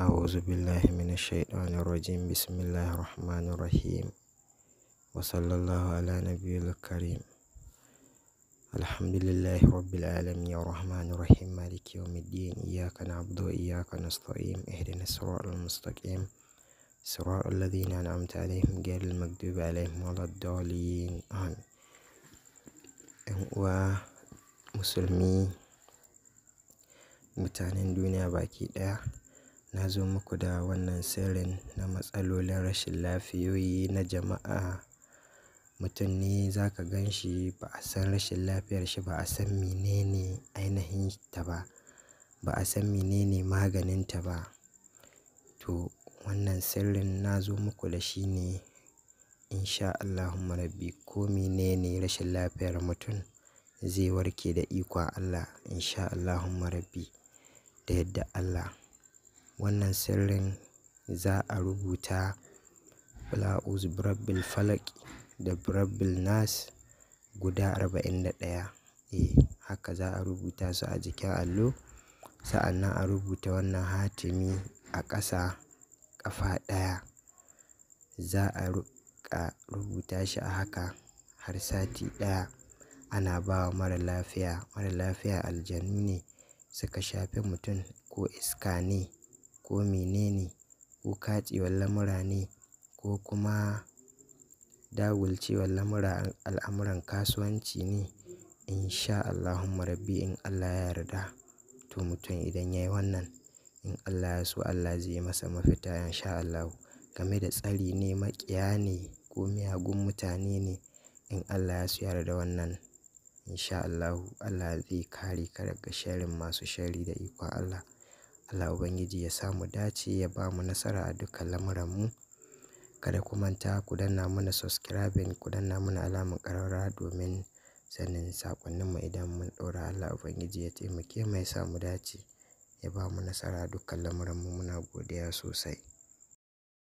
أعوذ بالله من الشيطان الرجيم بسم الله الرحمن الرحيم وصلى الله على نبي الكريم الحمد لله رب العالمين الرحمن الرحيم مالك يوم الدين إياك نعبد وإياك نستقيم اهدنا الصراط المستقيم صراط الذين أنعمت عليهم غير المكذوب عليهم ولا الضالين آمين ومسلمين متانين دنيا باكي ده na zo muku da wannan sirrin na matsalolin rashin lafiyoyi na jama'a. Mutum ne za ka gan shi ba a san rashin lafiyar shi ba, a san menene ainihin ta ba, ba a san menene maganin ta ba. To wannan sirrin na zo muku da shi ne in sha rabbi. Ko menene rashin lafiyar mutum zai warke da ikon Allah in sha rabbi da yadda Allah. Wannan sirrin za a rubuta "Qul a'uzu falak da birabbin nas" guda arba'in da ɗaya. Eh haka za a rubuta su a jikin allo. Sa'annan a rubuta wannan hatimi a ƙasa ƙafa ɗaya. Za a rubuta shi a haka har sati ɗaya. Ana ba wa mara lafiya. Mara lafiya aljanu ne suka shafi mutum ko iska ne ko menene? ko katsewar lamura ne ko kuma dagulcewar lamura al'amuran kasuwanci ne. In sha Allahumma rabbi in Allah ya yarda to mutum idan yayi wannan in Allah ya so Allah zai yi masa mafita in sha allah Game da tsari ne, maƙiya ne ko miyagun mutane ne in Allah ya so ya yarda wannan in sha allah Allah zai kare ka daga sharrin masu sharri da ikon Allah. Allah Ubangiji ya samu dace ya ba mu nasara a dukkan mu Kada ku manta ku danna mana subscribing ku danna mana alamar karara domin sanin mu idan mun ɗora Allah Ubangiji ya taimake mu ya samu dace ya ba mu nasara a dukkan mu muna godiya sosai.